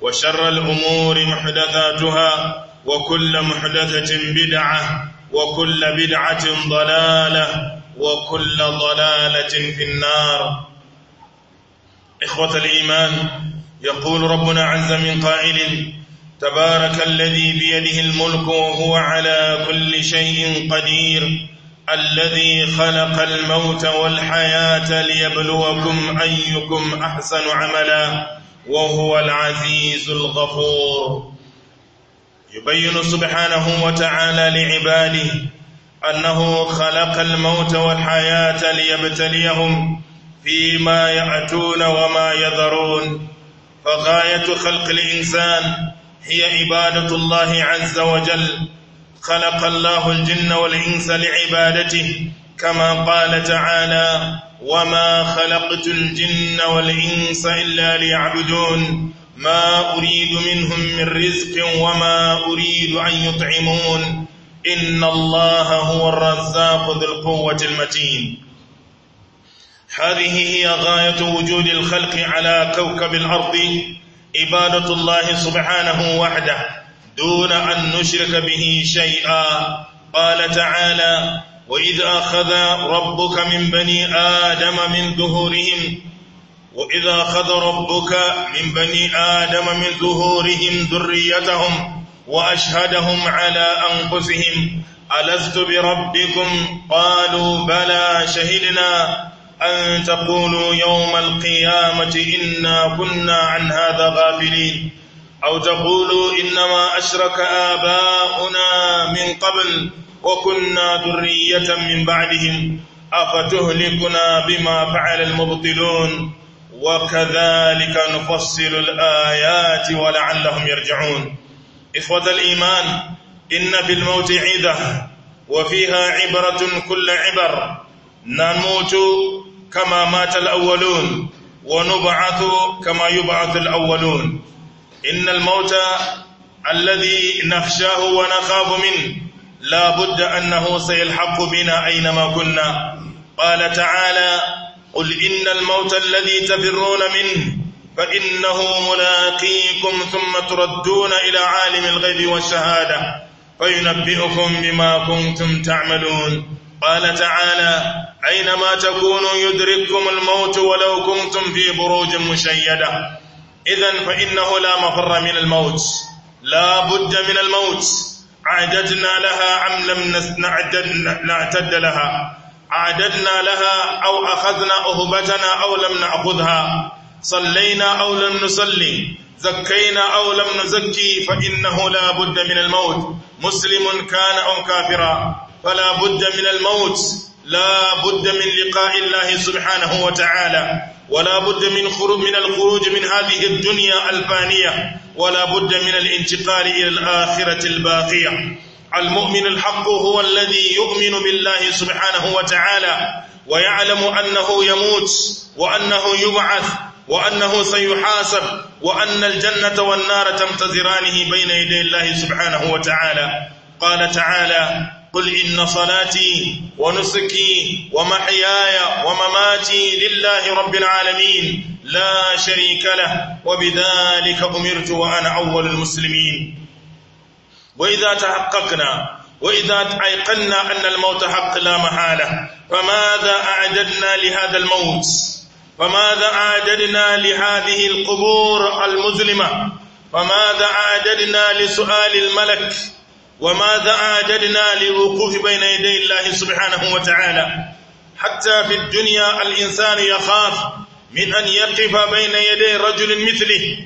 وشر الأمور محدثاتها وكل محدثة بدعة وكل بدعة ضلالة وكل ضلالة في النار إخوة الإيمان يقول ربنا عز من قائل تبارك الذي بيده الملك وهو على كل شيء قدير الذي خلق الموت والحياة ليبلوكم أيكم أحسن عملاً وهو العزيز الغفور يبين سبحانه وتعالى لعباده أنه خلق الموت والحياة ليبتليهم فيما يأتون وما يذرون فغاية خلق الإنسان هي عبادة الله عز وجل خلق الله الجن والإنس لعبادته كما قال تعالى وما خلقت الجن والإنس إلا ليعبدون ما أريد منهم من رزق وما أريد أن يطعمون إن الله هو الرزاق ذو القوة المتين هذه هي غاية وجود الخلق على كوكب الأرض عبادة الله سبحانه وحده دون أن نشرك به شيئا قال تعالى وإذ أخذ ربك من بني آدم من ظهورهم وإذا أخذ ربك من بني آدم من ظهورهم ذريتهم وأشهدهم على أنفسهم ألست بربكم قالوا بلى شهدنا أن تقولوا يوم القيامة إنا كنا عن هذا غافلين أو تقولوا إنما أشرك آباؤنا من قبل وكنا ذرية من بعدهم أفتهلكنا بما فعل المبطلون وكذلك نفصل الآيات ولعلهم يرجعون إخوة الإيمان إن في الموت عيدة وفيها عبرة كل عبر نموت كما مات الأولون ونبعث كما يبعث الأولون إن الموت الذي نخشاه ونخاف منه لا بد أنه سيلحق بنا أينما كنا قال تعالى قل إن الموت الذي تفرون منه فإنه ملاقيكم ثم تردون إلى عالم الغيب والشهادة فينبئكم بما كنتم تعملون قال تعالى أينما تكونوا يدرككم الموت ولو كنتم في بروج مشيدة إذا فإنه لا مفر من الموت لا بد من الموت أعددنا لها أم لم نعتد لها أعددنا لها أو أخذنا أهبتنا أو لم نأخذها صلينا أو لم نصلي زكينا أو لم نزكي فإنه لا بد من الموت مسلم كان أو كافرا فلا بد من الموت لا بد من لقاء الله سبحانه وتعالى ولا بد من خروج من الخروج من هذه الدنيا الفانيه ولا بد من الانتقال إلى الآخرة الباقية المؤمن الحق هو الذي يؤمن بالله سبحانه وتعالى ويعلم أنه يموت وأنه يبعث وأنه سيحاسب وأن الجنة والنار تمتزرانه بين يدي الله سبحانه وتعالى قال تعالى قل إن صلاتي ونسكي ومحياي ومماتي لله رب العالمين لا شريك له وبذلك أمرت وأنا أول المسلمين وإذا تحققنا وإذا أيقنا أن الموت حق لا محالة فماذا أعددنا لهذا الموت فماذا أعددنا لهذه القبور المظلمة فماذا أعددنا لسؤال الملك وماذا أعددنا للوقوف بين يدي الله سبحانه وتعالى حتى في الدنيا الإنسان يخاف من أن يقف بين يدي رجل مثله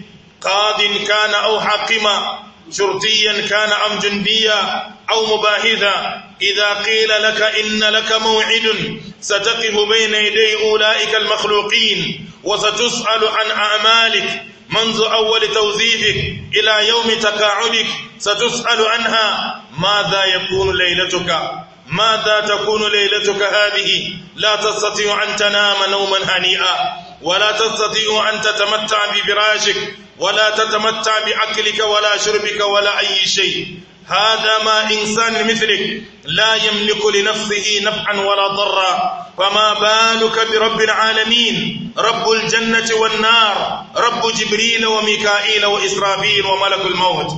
قاض كان أو حاكما شرطيا كان أم جنديا أو مباهذا إذا قيل لك إن لك موعد ستقف بين يدي أولئك المخلوقين وستسأل عن أعمالك منذ أول توظيفك إلى يوم تقاعدك ستسأل عنها ماذا يكون ليلتك ماذا تكون ليلتك هذه لا تستطيع أن تنام نوما هنيئا ولا تستطيع أن تتمتع بفراشك ولا تتمتع بأكلك ولا شربك ولا أي شيء هذا ما إنسان مثلك لا يملك لنفسه نفعا ولا ضرا فما بالك برب العالمين رب الجنة والنار رب جبريل وميكائيل وإسرافيل وملك الموت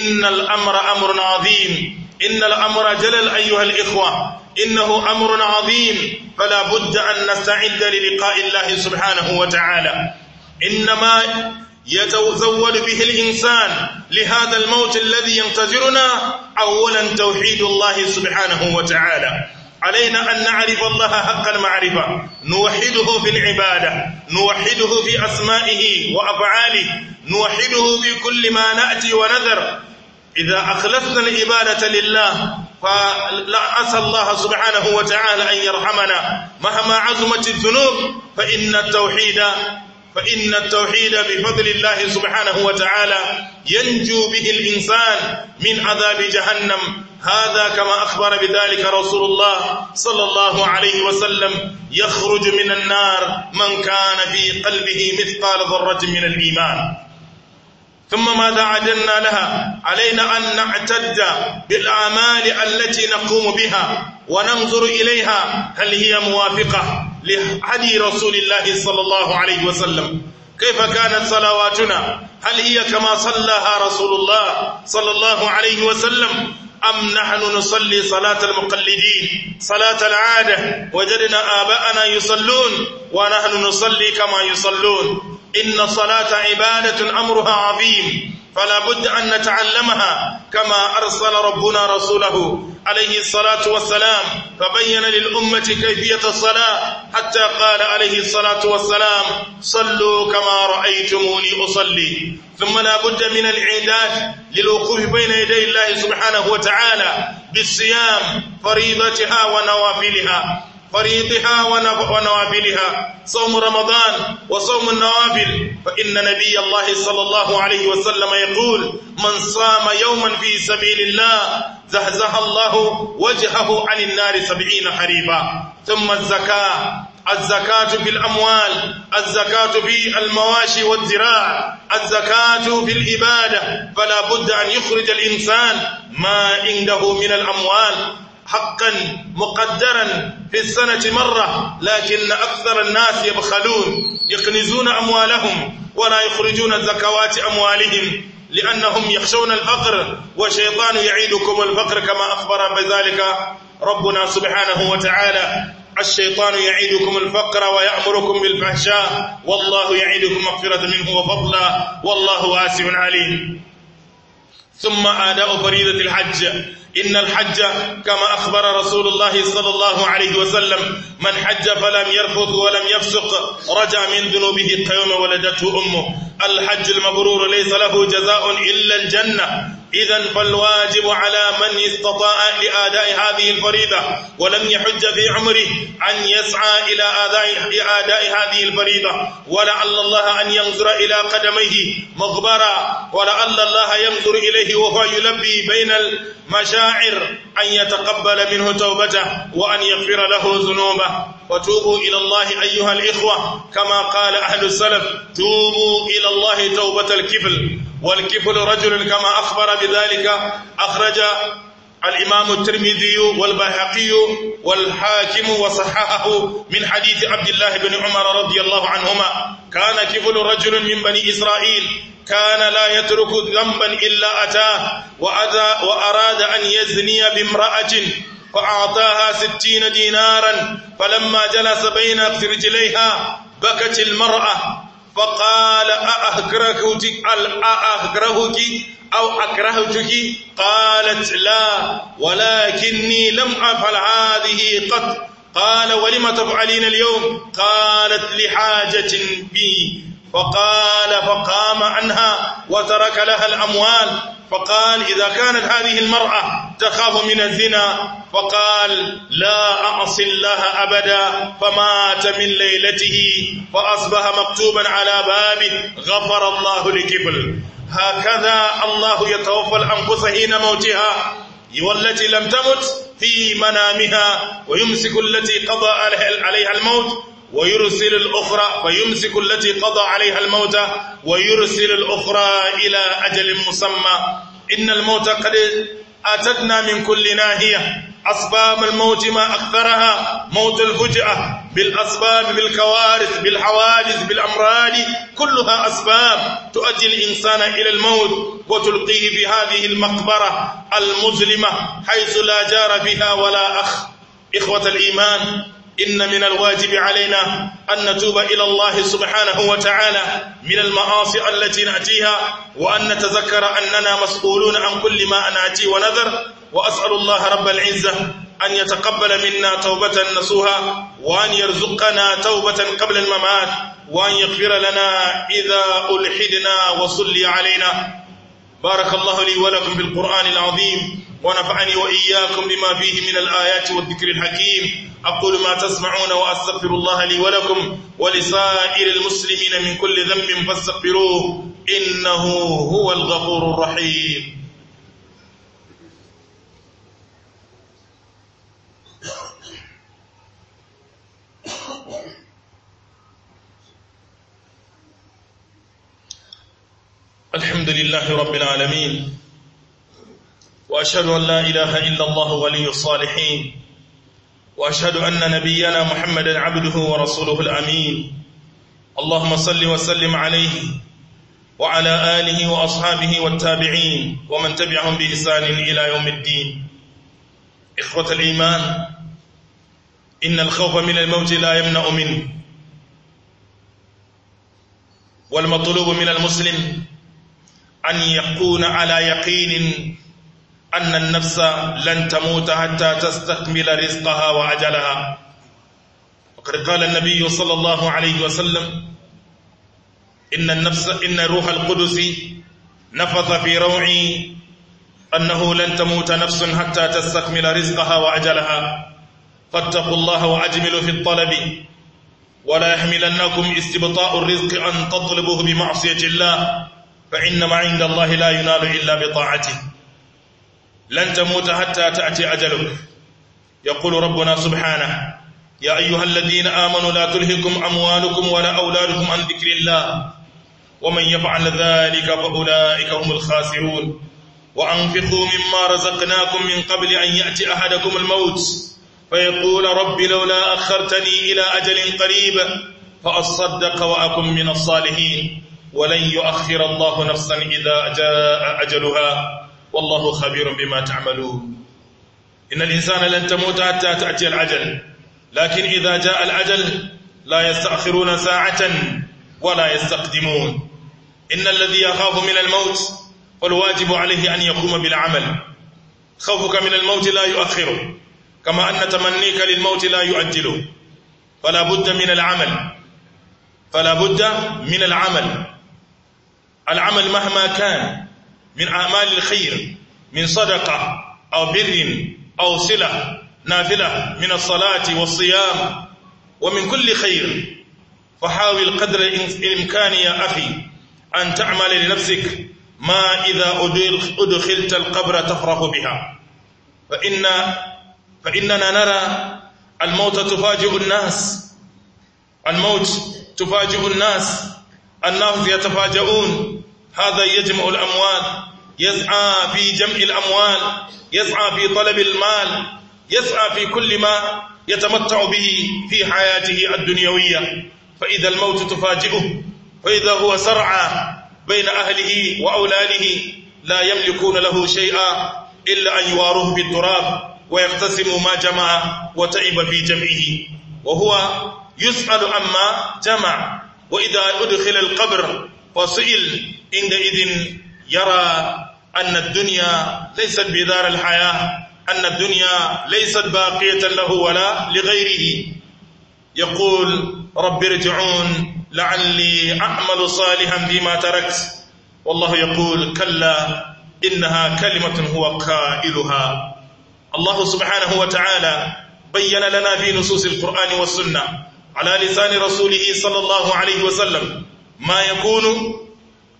إن الأمر أمر عظيم إن الأمر جلل أيها الإخوة إنه أمر عظيم فلا بد أن نستعد للقاء الله سبحانه وتعالى إنما يتزود به الإنسان لهذا الموت الذي ينتظرنا أولا توحيد الله سبحانه وتعالى علينا أن نعرف الله حق المعرفة نوحده في العبادة نوحده في أسمائه وأفعاله نوحده في كل ما نأتي ونذر إذا أخلصنا العبادة لله فلا أسأل الله سبحانه وتعالى أن يرحمنا مهما عظمت الذنوب فإن التوحيد فإن التوحيد بفضل الله سبحانه وتعالى ينجو به الإنسان من عذاب جهنم هذا كما أخبر بذلك رسول الله صلى الله عليه وسلم يخرج من النار من كان في قلبه مثقال ذرة من الإيمان ثم ماذا عدلنا لها علينا أن نعتد بالأعمال التي نقوم بها وننظر إليها هل هي موافقة لحدي رسول الله صلى الله عليه وسلم كيف كانت صلواتنا هل هي كما صلىها رسول الله صلى الله عليه وسلم أم نحن نصلي صلاة المقلدين صلاة العادة وجدنا آباءنا يصلون ونحن نصلي كما يصلون إن صلاة عبادة أمرها عظيم فلا بد أن نتعلمها كما أرسل ربنا رسوله عليه الصلاة والسلام فبين للأمة كيفية الصلاة حتى قال عليه الصلاة والسلام صلوا كما رأيتموني أصلي ثم لا بد من العيدات للوقوف بين يدي الله سبحانه وتعالى بالصيام فريضتها ونوافلها فريضها ونوابلها صوم رمضان وصوم النوابل فإن نبي الله صلى الله عليه وسلم يقول من صام يوما في سبيل الله زهزه الله وجهه عن النار سبعين حريبا ثم الزكاة الزكاة في الأموال الزكاة في المواشي والزراع الزكاة في الإبادة فلا بد أن يخرج الإنسان ما عنده من الأموال حقا مقدرا في السنة مرة لكن أكثر الناس يبخلون يكنزون أموالهم ولا يخرجون زكوات أموالهم لأنهم يخشون الفقر وشيطان يعيدكم الفقر كما أخبر بذلك ربنا سبحانه وتعالى الشيطان يعيدكم الفقر ويأمركم بالفحشاء والله يعيدكم مغفرة منه وفضلا والله واسع عليم ثم آداء فريضة الحج إن الحج كما أخبر رسول الله صلى الله عليه وسلم من حج فلم يرفث ولم يفسق رجع من ذنوبه قيوم ولدته أمه الحج المبرور ليس له جزاء إلا الجنة إذا فالواجب على من استطاع لآداء هذه الفريضة ولم يحج في عمره أن يسعى إلى آداء هذه الفريضة ولعل الله أن ينظر إلى قدميه مغبرا ولعل الله ينظر إليه وهو يلبي بين ال مشاعر أن يتقبل منه توبته وأن يغفر له ذنوبه وتوبوا إلى الله أيها الإخوة كما قال أهل السلف توبوا إلى الله توبة الكفل والكفل رجل كما أخبر بذلك أخرج الإمام الترمذي والبيهقي والحاكم وصححه من حديث عبد الله بن عمر رضي الله عنهما كان كفل رجل من بني إسرائيل كان لا يترك ذنبا إلا أتاه وأراد أن يزني بامرأة فأعطاها ستين دينارا فلما جلس بين رجليها بكت المرأة فقال أأهكرهك أو أكرهتك قالت لا ولكني لم أفعل هذه قط قال ولم تفعلين اليوم قالت لحاجة بي فقال فقام عنها وترك لها الأموال فقال إذا كانت هذه المرأة تخاف من الزنا فقال لا أعصي الله أبدا فمات من ليلته فأصبح مكتوبا على بابه غفر الله لكبل هكذا الله يتوفى الأنفس حين موتها والتي لم تمت في منامها ويمسك التي قضى عليها الموت ويرسل الأخرى فيمسك التي قضى عليها الموت ويرسل الأخرى إلى أجل مسمى إن الموت قد أتتنا من كل ناهية أسباب الموت ما أكثرها موت الفجأة بالأسباب بالكوارث بالحوادث بالأمراض كلها أسباب تؤدي الإنسان إلى الموت وتلقيه في هذه المقبرة المظلمة حيث لا جار فيها ولا أخ إخوة الإيمان إن من الواجب علينا أن نتوب إلى الله سبحانه وتعالى من المعاصي التي نأتيها وأن نتذكر أننا مسؤولون عن كل ما نأتي ونذر وأسأل الله رب العزة أن يتقبل منا توبة نصوها وأن يرزقنا توبة قبل الممات وأن يغفر لنا إذا ألحدنا وصلي علينا بارك الله لي ولكم بالقرآن العظيم ونفعني وإياكم بما فيه من الآيات والذكر الحكيم أقول ما تسمعون وأستغفر الله لي ولكم ولسائر المسلمين من كل ذنب فاستغفروه إنه هو الغفور الرحيم الحمد لله رب العالمين وأشهد أن لا إله إلا الله ولي الصالحين وأشهد أن نبينا محمدا عبده ورسوله الأمين اللهم صل وسلم عليه وعلى آله وأصحابه والتابعين ومن تبعهم بإحسان إلى يوم الدين إخوة الإيمان إن الخوف من الموت لا يمنع منه والمطلوب من المسلم أن يكون على يقين أن النفس لن تموت حتى تستكمل رزقها وأجلها وقد قال النبي صلى الله عليه وسلم إن النفس إن روح القدس نفث في روعي أنه لن تموت نفس حتى تستكمل رزقها وأجلها فاتقوا الله وأجملوا في الطلب ولا يحملنكم استبطاء الرزق أن تطلبوه بمعصية الله فإن ما عند الله لا ينال إلا بطاعته لن تموت حتى تأتي أجلك يقول ربنا سبحانه يا أيها الذين آمنوا لا تلهكم أموالكم ولا أولادكم عن ذكر الله ومن يفعل ذلك فأولئك هم الخاسرون وأنفقوا مما رزقناكم من قبل أن يأتي أحدكم الموت فيقول رب لولا أخرتني إلى أجل قريب فأصدق وأكن من الصالحين ولن يؤخر الله نفسا إذا جاء أجلها والله خبير بما تعملون إن الإنسان لن تموت حتى تأتي العجل لكن إذا جاء العجل لا يستأخرون ساعة ولا يستقدمون إن الذي يخاف من الموت والواجب عليه أن يقوم بالعمل خوفك من الموت لا يؤخره كما أن تمنيك للموت لا يؤجله فلا بد من العمل فلا بد من العمل العمل مهما كان من أعمال الخير من صدقة أو بر أو صلة نافلة من الصلاة والصيام ومن كل خير فحاول قدر الإمكان يا أخي أن تعمل لنفسك ما إذا أدخلت القبر تفرح بها فإن فإننا نرى الموت تفاجئ الناس الموت تفاجئ الناس الناس يتفاجؤون هذا يجمع الأموال يسعى في جمع الأموال يسعى في طلب المال يسعى في كل ما يتمتع به في حياته الدنيوية فإذا الموت تفاجئه فإذا هو سرعى بين أهله وأولاده لا يملكون له شيئا إلا أن يواروه بالتراب ويقتسم ما جمع وتعب في جمعه وهو يسأل عما جمع وإذا أدخل القبر فسئل عندئذ يرى أن الدنيا ليست بدار الحياة أن الدنيا ليست باقية له ولا لغيره يقول رب ارجعون لعلي أعمل صالحا بما تركت والله يقول كلا إنها كلمة هو قائلها الله سبحانه وتعالى بين لنا في نصوص القرآن والسنة على لسان رسوله صلى الله عليه وسلم ما يكون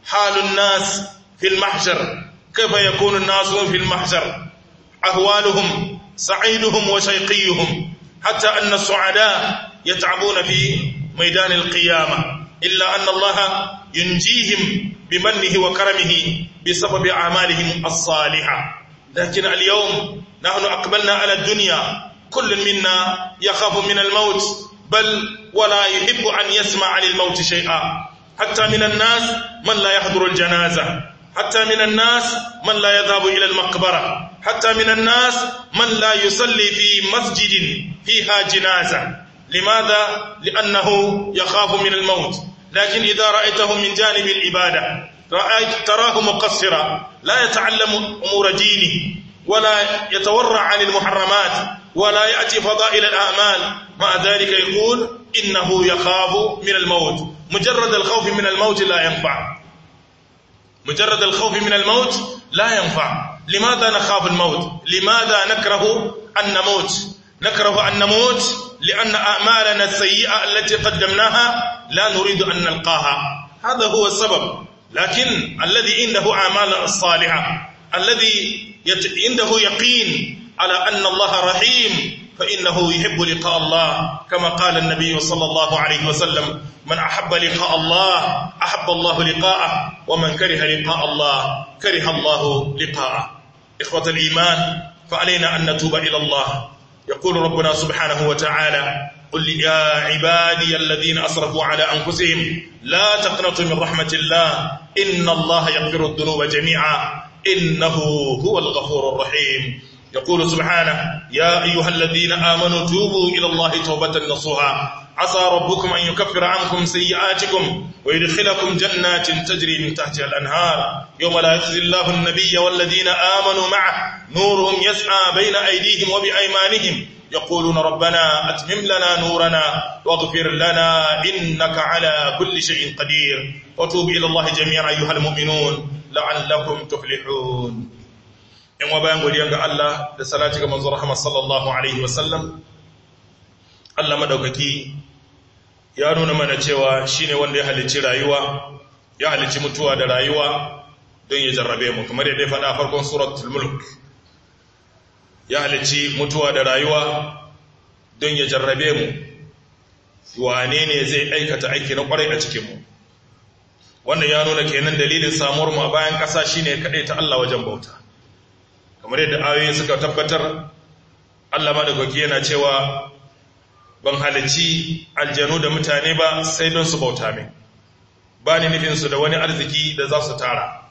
حال الناس في المحشر كيف يكون الناس في المحشر أهوالهم سعيدهم وشيقيهم حتى أن السعداء يتعبون في ميدان القيامة إلا أن الله ينجيهم بمنه وكرمه بسبب أعمالهم الصالحة لكن اليوم نحن أقبلنا على الدنيا كل منا يخاف من الموت بل ولا يحب أن يسمع عن الموت شيئا حتى من الناس من لا يحضر الجنازة حتى من الناس من لا يذهب إلى المقبرة حتى من الناس من لا يصلي في مسجد فيها جنازة لماذا؟ لأنه يخاف من الموت لكن إذا رأيته من جانب العبادة رأيت تراه مقصرا لا يتعلم أمور دينه ولا يتورع عن المحرمات ولا يأتي فضائل الأعمال مع ذلك يقول إنه يخاف من الموت مجرد الخوف من الموت لا ينفع مجرد الخوف من الموت لا ينفع لماذا نخاف الموت لماذا نكره أن نموت نكره أن نموت لأن أعمالنا السيئة التي قدمناها لا نريد أن نلقاها هذا هو السبب لكن الذي عنده أعمال الصالحة الذي عنده يقين على أن الله رحيم فإنه يحب لقاء الله كما قال النبي صلى الله عليه وسلم من أحب لقاء الله أحب الله لقاءه ومن كره لقاء الله كره الله لقاءه إخوة الإيمان فعلينا أن نتوب إلى الله يقول ربنا سبحانه وتعالى قل يا عبادي الذين أسرفوا على أنفسهم لا تقنطوا من رحمة الله إن الله يغفر الذنوب جميعا إنه هو الغفور الرحيم يقول سبحانه يا أيها الذين آمنوا توبوا إلى الله توبة نصوها عسى ربكم أن يكفر عنكم سيئاتكم ويدخلكم جنات تجري من تحتها الأنهار يوم لا يخزي الله النبي والذين آمنوا معه نورهم يسعى بين أيديهم وبأيمانهم يقولون ربنا أتمم لنا نورنا واغفر لنا إنك على كل شيء قدير وتوب إلى الله جميعا أيها المؤمنون لعلكم تفلحون yan wa bayan godiya ga Allah da salati ga manzo rahama sallallahu alaihi wasallam Allah madaukaki ya nuna mana cewa shine wanda ya halicci rayuwa ya halicci mutuwa da rayuwa don ya jarrabe mu kamar yadda ya faɗa farkon suratul mulk ya halicci mutuwa da rayuwa don ya jarrabe mu wane ne zai aikata aiki na kwarai a cikin mu wannan ya nuna kenan dalilin samuwar mu a bayan ƙasa shine kaɗai ta Allah wajen bauta kamar yadda ayoyi suka tabbatar Allah da madaukaki yana cewa ban halici aljanu da mutane ba sai don su bauta min ba ni nufin da wani arziki da za su tara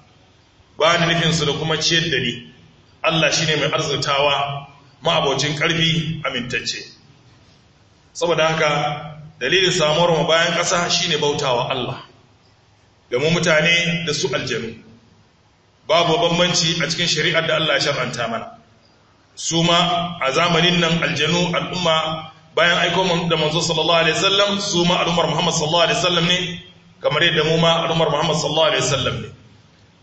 ba ni nufin da kuma ciyar da ni Allah shine mai arzutawa ma'abocin karfi amintacce saboda haka dalilin samuwar mu bayan ƙasa shine bautawa Allah da mu mutane da su aljanu babu bambanci a cikin shari'ar da Allah ya shar'anta mana su ma a zamanin nan aljanu al'umma bayan aiko da manzo sallallahu alaihi wasallam su ma al'ummar Muhammad sallallahu alaihi wasallam ne kamar yadda mu ma al'ummar Muhammad sallallahu alaihi wasallam ne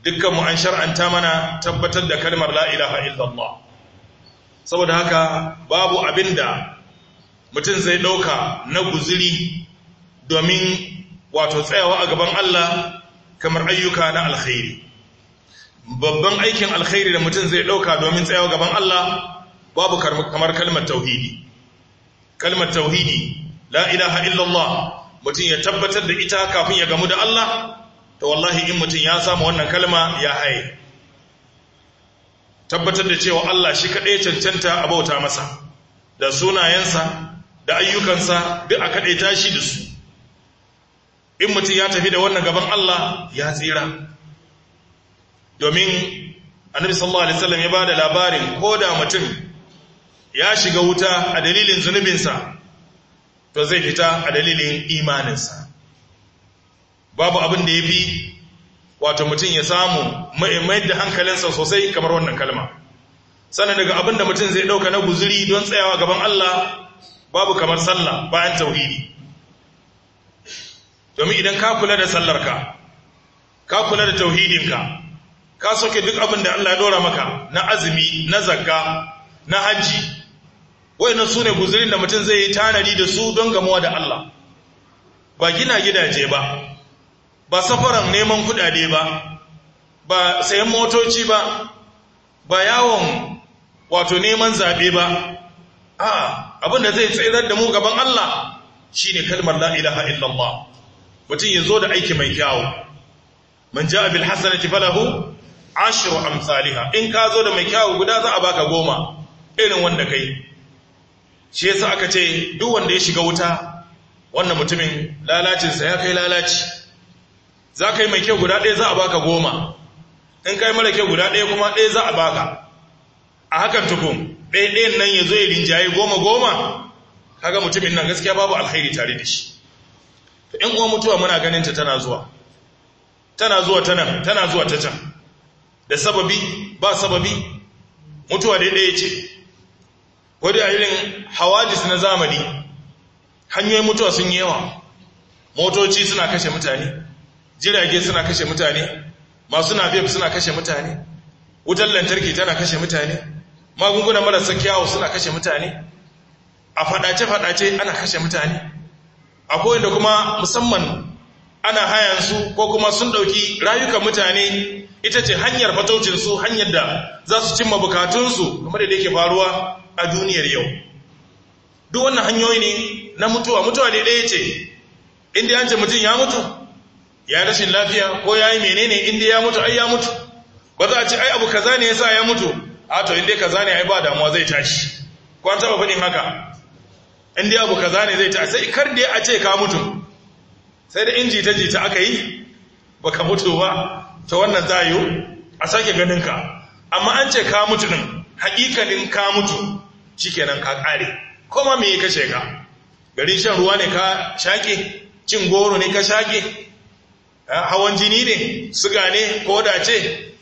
dukkan mu an shar'anta mana tabbatar da kalmar la ilaha illallah saboda haka babu abinda mutum zai dauka na guziri domin wato tsayawa a gaban Allah kamar ayyuka na alkhairi babban aikin alkhairi da mutum zai ɗauka domin tsayawa gaban Allah babu kamar kalmar tauhidi kalmar tauhidi la ilaha illallah mutum ya tabbatar da ita kafin ya gamu da Allah to wallahi in mutum ya samu wannan kalma ya haye tabbatar da cewa Allah shi kaɗai cancanta a bauta masa da sunayensa da ayyukansa duk a kaɗai tashi da su in mutum ya tafi da wannan gaban Allah ya tsira domin annabi sallallahu alaihi wasallam ya bada labarin ko da mutum ya shiga wuta a dalilin zunubinsa to zai fita a dalilin imaninsa babu abin da ya wato mutum ya samu mai da hankalinsa sosai kamar wannan kalma sannan daga abin da mutum zai ɗauka na guzuri don tsayawa gaban Allah babu kamar sallah bayan tauhidi domin idan ka kula da sallarka ka kula da tauhidinka ka soke duk abin da Allah ya dora maka na azumi na zakka na hajji wayannan su ne guzurin da mutum zai yi tanadi da su don gamuwa da Allah ba gina gidaje ba ba safaran neman kudade ba ba sayan motoci ba ba yawon wato neman zaɓe ba A'a, abin da zai tsirar da mu gaban Allah shine kalmar la ilaha illallah mutum ya zo da aiki mai kyawu man ja bil hasanati falahu ashiru amsaliha in ka zo da mai kyawu guda za a baka goma irin wanda kai shi yasa aka ce duk wanda ya shiga wuta wannan mutumin lalacinsa ya kai lalaci za ka yi mai kyau guda ɗaya za a baka goma in kai mara kyau guda ɗaya kuma ɗaya za a baka a hakan tukun ɗaya ɗayan nan ya zo ya rinjaye goma goma kaga mutumin nan gaskiya babu alkhairi tare da shi to in uwa mutuwa muna ganin ta tana zuwa tana zuwa ta tana zuwa ta can da sababi ba sababi mutuwa da ɗaya ce wadda a irin hawajis na zamani hanyoyin mutuwa sun yi yawa motoci suna kashe mutane jirage suna kashe mutane masu nafef suna kashe mutane wutar lantarki tana kashe mutane magungunan marasa kyawu suna kashe mutane a fadace-fadace ana kashe mutane akwai da kuma musamman ana hayansu ko kuma sun ɗauki rayukan mutane ita ce hanyar fatocinsu hanyar da za su cimma bukatunsu game da yake faruwa a duniyar yau duk wannan hanyoyi ne na mutuwa mutuwa ne ɗaya ce inda yance mutum ya mutu ya rashin lafiya ko ya yi menene inda ya mutu ai ya mutu ba za a ce ai abu kaza ne ya sa ya mutu a to inda kaza ne ai ba damuwa zai tashi ko an taɓa faɗin haka inda abu kaza ne zai tashi sai kar da a ce ka mutu sai da inji ta jita aka yi baka mutu ba ta wannan za yi a sake ganin ka amma an ce ka mutu ɗin haƙiƙanin ka mutu shikenan ka ƙare kuma me ka kashe ka Gari shan ruwa ne ka shaƙe cin goro ne ka shaƙe eh, hawan jini ne suga ne koda ce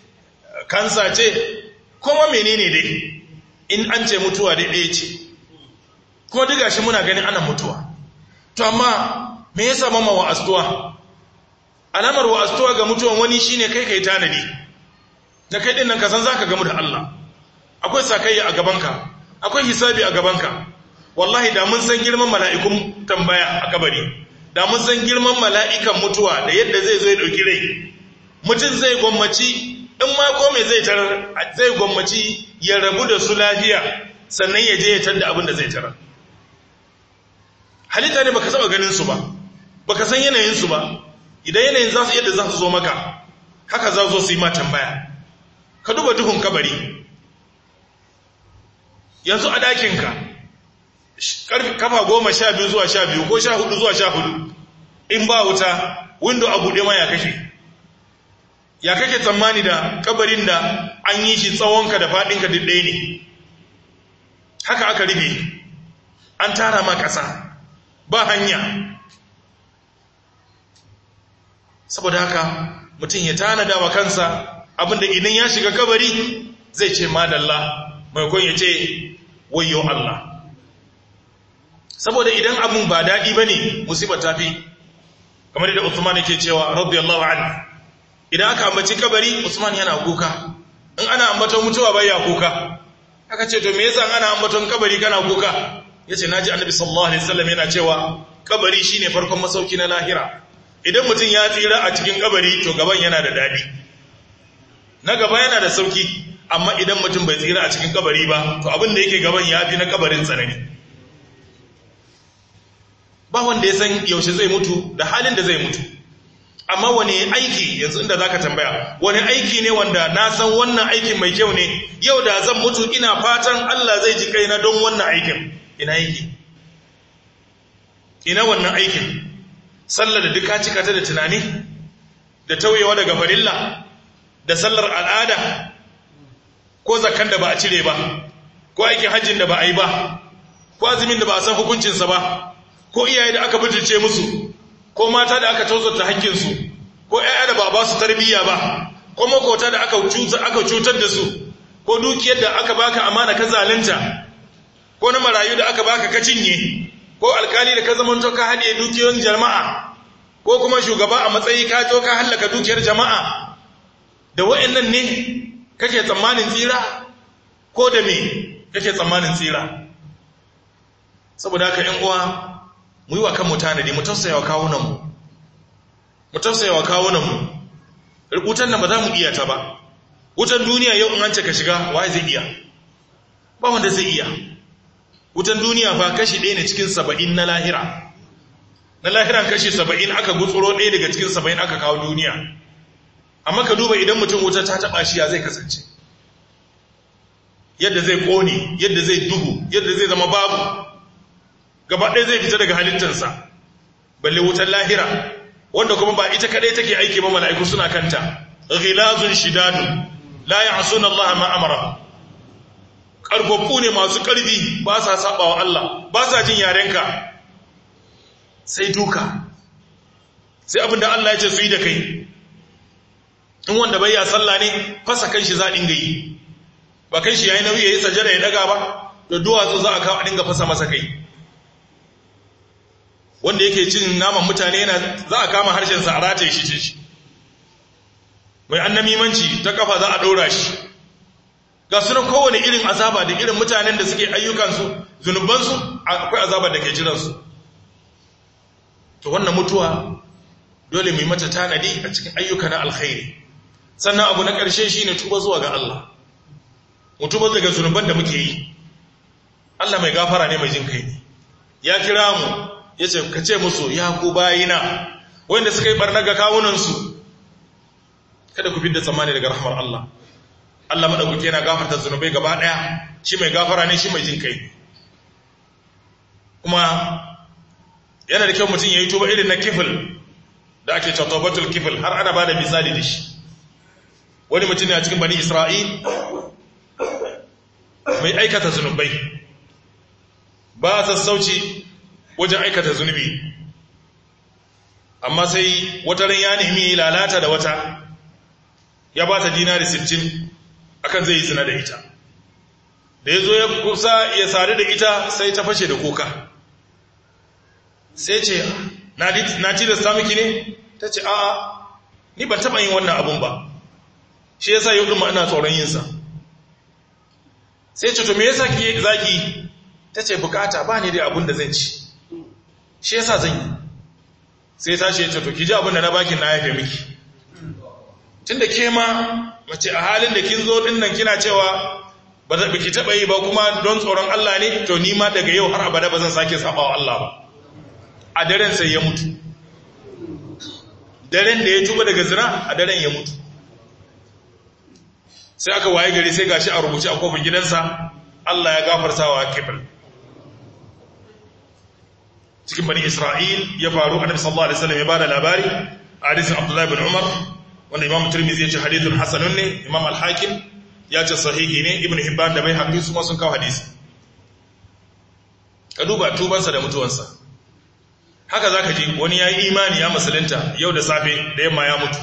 kansa ce kuma menene dai in an ce mutuwa dai ɗaya ce kuma duk gashi muna ganin ana mutuwa to amma me yasa mama a alamar wa'astuwa ga mutuwan wani shine kai kai tanadi da kai din nan ka san zaka gamu da Allah akwai sakayya a gabanka akwai hisabi a gabanka wallahi da mun san girman mala'ikun tambaya a kabari da mun san girman mala'ikan mutuwa da yadda zai zo ya dauki rai mutum zai gwammaci in ma ko me zai tarar zai gwammaci ya rabu da su lafiya sannan ya je ya tanda abin da zai tarar halitta ne baka saba ganin su ba baka san yanayin su ba idan yanayin za su yadda za su zo maka haka za zo su yi matan baya. ka duba duhun kabari yanzu a dakinka kafa goma sha biyu zuwa sha biyu ko sha hudu zuwa sha hudu in ba wuta windo a buɗe ma ya kake ya kake tsammani da kabarin da an yi shi tsawonka da faɗinka duk ɗaya ne haka aka rufe an tara ma ƙasa ba hanya saboda haka mutum ya tanada wa kansa abinda idan ya shiga kabari zai ce madalla Mai ya ce wayo Allah saboda idan abun ba daɗi ba ne musibar fi. kamar da Usman yake cewa radiyallahu anhu idan aka ambaci kabari Usman yana kuka in ana ambaton mutuwa bai ya kuka aka ce to me yasa ana ambaton kabari kana kuka na ji annabi sallallahu alaihi wasallam yana cewa kabari shine farkon masauki na lahira idan mutum ya tsira a cikin kabari to gaban yana da daɗi na gaba yana da sauki amma idan mutum bai tsira a cikin kabari ba to abin da yake gaban ya fi na kabarin tsanani ba wanda ya san yaushe zai mutu da halin da zai mutu amma wani aiki yanzu inda zaka tambaya wani aiki ne wanda na san wannan aikin mai kyau ne yau da zan mutu ina fatan Allah zai ji kaina don wannan aikin ina yake ina wannan aikin sallar da duka cika ta da tunani da tauyewa daga farilla da sallar al'ada ko zakan da ba a cire ba ko aikin hajjin da ba a yi ba ko azumin da ba a san hukuncinsa ba ko iyaye da aka bitirce musu ko mata da aka tausata hakkinsu ko ƴaƴa da ba a ba su tarbiyya ba ko makota da aka cutar da su ko dukiyar da aka baka amana ka zalunta ko na marayu da aka baka ka cinye ko alkali da ka zamanto ka haɗe dukiyoyin jama'a ko kuma shugaba a matsayi ka to ka hallaka dukiyar jama'a da wa'annan ne kake tsammanin tsira ko da me kake tsammanin tsira saboda haka ƴan uwa mu yi wa kanmu tanadi mu tausaya wa kawunan mu mu tausaya wa kawunan mu rubutan nan ba za mu iya ta ba wutan duniya yau in an ce ka shiga waye zai iya ba wanda zai iya wutan duniya ba kashi ɗaya ne cikin saba'in na lahira na lahira kashi saba'in aka gutsuro ɗaya daga cikin saba'in aka kawo duniya amma ka duba idan mutum wuta ta taɓa shi ya zai kasance yadda zai ƙone yadda zai duhu yadda zai zama babu gaba ɗaya zai fita daga halittarsa balle wutan lahira wanda kuma ba ita kaɗai take aiki ba mala'iku suna kanta ghilazun shidadun la ya'suna Allah ma amara ƙarfafu ne masu ƙarfi ba sa saɓawa Allah ba sa jin yarenka sai duka sai abin da Allah ya ce su yi da kai in wanda bai ya salla ne fasa kan shi za a dinga yi ba kan shi ya yi nauyi ya yi sajada ya daga ba da duwatsu za a kawo a dinga fasa masa kai wanda yake cin naman mutane yana za a kama harshensa a rataye shi ce shi mai annamimanci ta kafa za a ɗora shi ga suna kowane irin azaba da irin mutanen da suke ayyukansu zunubansu akwai azaba da ke jiransu to wannan mutuwa dole mu mata tanadi a cikin ayyuka na alkhairi sannan abu na ƙarshe shi ne tuba zuwa ga Allah mu tuba daga zunuban da muke yi Allah mai gafara ne mai jin kai ne ya kira mu ya ce ka ce musu ya ku bayina wanda suka yi barna ga kawunansu kada ku fidda tsammani daga rahmar Allah Allah madaukake yana gafarta zunubai gaba ɗaya. shi mai gafara ne shi mai jin kai kuma yana da kyau mutum ya yi tuba irin na kifil da ake tawbatul kifil har ana bada misali da shi wani mutum ne a cikin bani Isra'il mai aikata zunubai ba sassauci wajen aikata zunubi amma sai wata ran ya nemi lalata da wata ya ba ta dinari sittin akan zai yi zina da ita da ya zo ya kusa ya sadu da ita sai ta fashe da kuka sai ce na da miki ne ta ce a'a ni ban taɓa yin wannan abun ba shi yasa yau ɗin ina tsoron yinsa sai ce to me yasa ki zaki ta ce bukata ba ne da abun da zan ci shi yasa zan yi sai ta ce to ki ji abun da na baki na yafe miki tunda ke ma mace a halin da kin zo din nan kina cewa ba za ki taba yi ba kuma don tsoron Allah ne to ni ma daga yau har abada ba zan sake sabawa Allah ba a daren sai ya mutu daren da ya tuba daga zina a daren ya mutu sai aka waye gari sai gashi a rubuce a kofin gidansa Allah ya gafarta wa kibir cikin bani Isra'il ya faru annabi sallallahu alaihi wasallam ya bada labari a hadisin Abdullah ibn Umar wanda imam turmizi ya ce hadithun hasanun ne imam al-hakim ya ce sahihi ne ibn hibban da bai haƙi su sun kawo hadisi ka duba tubansa da mutuwansa haka za ka ji wani ya yi imani ya musulunta yau da safe da yamma ya mutu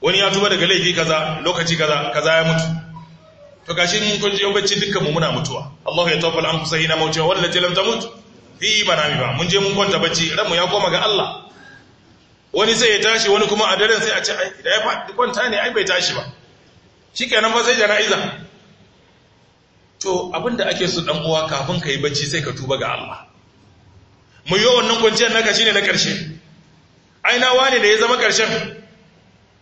wani ya tuba daga laifi kaza lokaci kaza kaza ya mutu to gashi mun kun yau bacci dukkan mu muna mutuwa Allahu ya tawaffal an kusai na maucewa wanda lam tamut fi manami ba mun je mun kwanta bacci ranmu ya koma ga Allah wani sai ya tashi wani kuma a daren sai a ce da ya faɗi kwanta ne ai bai tashi ba shi kenan ba sai jana'iza to abinda ake su ɗan uwa kafin ka yi bacci sai ka tuba ga Allah mu yi wannan kwanciyar naka shine na ƙarshe ai na wane da ya zama ƙarshen.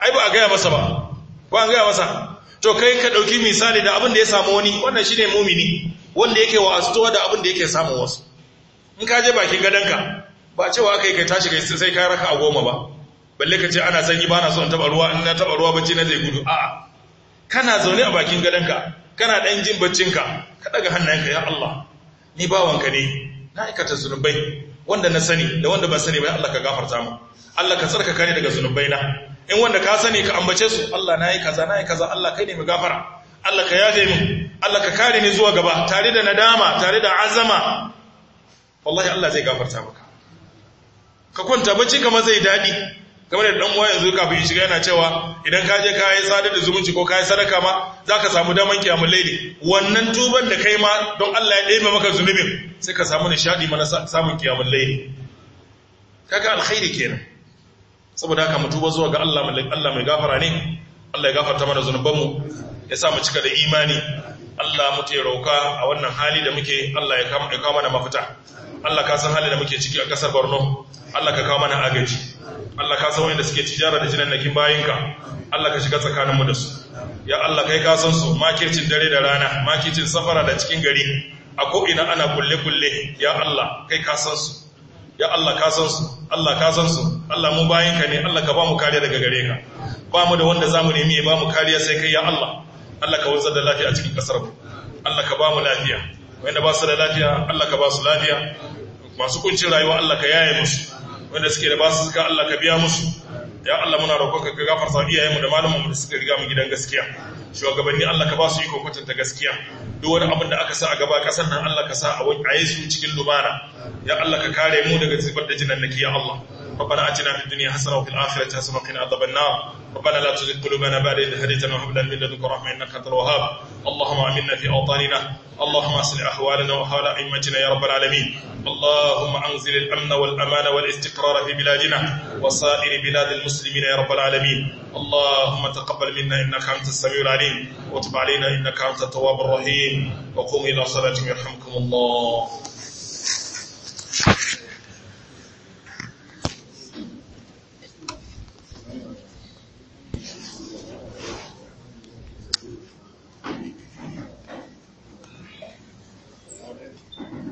ai ba a gaya masa ba ko an gaya masa to kai ka ɗauki misali da abin da ya samu wani wannan shine mumini wanda yake wa astuwa da abin da yake samu wasu in ka je bakin gadanka ba cewa aka yi kai tashi kai sai ka raka a goma ba balle ka ce ana sanyi ba na son taba ruwa in na taba ruwa bacci na zai gudu a'a kana zaune a bakin gadonka kana dan jin baccinka ka daga hannayenka ya Allah ni bawanka ne na aikata zunubai wanda na sani da wanda ba sani ba ya Allah ka gafarta mu Allah ka tsarkaka ni daga zunubai na in wanda ka sani ka ambace su Allah na yi kaza na yi kaza Allah kai ne mai gafara Allah ka yaje min Allah ka kare ni zuwa gaba tare da nadama tare da azama wallahi Allah zai gafarta maka ka kwanta bacci kamar zai daɗi kamar da ɗan uwa yanzu kafin in shiga yana cewa idan ka je ka yi sadar da zumunci ko ka yi sadaka ma za ka samu daman kiyamun laili wannan tuban da kai ma don Allah ya ɗaya maka zunubin sai ka samu nishaɗi mana samun kiyamun laili kaga alkhairi kenan saboda haka mu tuba zuwa ga Allah mai gafara ne Allah ya gafarta mana zunubanmu ya sa mu cika da imani Allah mutu ya rauka a wannan hali da muke Allah ya kama mana mafita Allah ka san halin da muke ciki a kasar Borno Allah ka kawo mana agaji Allah ka san wanda suke tijara da jinannakin bayinka Allah ka shiga tsakanin mu da su ya Allah kai ka san su makircin dare da rana makircin safara da cikin gari a ko ina ana kulle kulle ya Allah kai ka san su ya Allah ka san su Allah ka san su Allah mu bayinka ne Allah ka ba mu kariya daga gare ka ba mu da wanda za mu nemi ya ba mu kariya sai kai ya Allah Allah ka wanzar da lafiya a cikin kasar mu Allah ka ba mu lafiya wanda ba su da lafiya Allah ka ba su lafiya masu kuncin rayuwa Allah ka yaye musu wanda suke da basu suka Allah ka biya musu ya Allah muna roƙonka ka gafarta iyayenmu da malamanmu da suka riga mu gidan gaskiya shugabanni Allah ka ba su iko kwatanta gaskiya duk wani abin da aka sa a gaba kasar nan Allah ka sa a yi su cikin lumana ya Allah ka kare mu daga zubar da jinannaki ya Allah ربنا آتنا في الدنيا حسنة وفي الآخرة حسنة وقنا عذاب النار ربنا لا تزغ قلوبنا بعد إذ هديتنا وهب لنا من لدنك رحمة إنك أنت الوهاب اللهم آمنا في أوطاننا اللهم أصلح أحوالنا وأحوال أئمتنا يا رب العالمين اللهم أنزل الأمن والأمان والاستقرار في بلادنا وسائر بلاد المسلمين يا رب العالمين اللهم تقبل منا إنك أنت السميع العليم وتب علينا إنك أنت التواب الرحيم وقوم إلى صلاتكم يرحمكم الله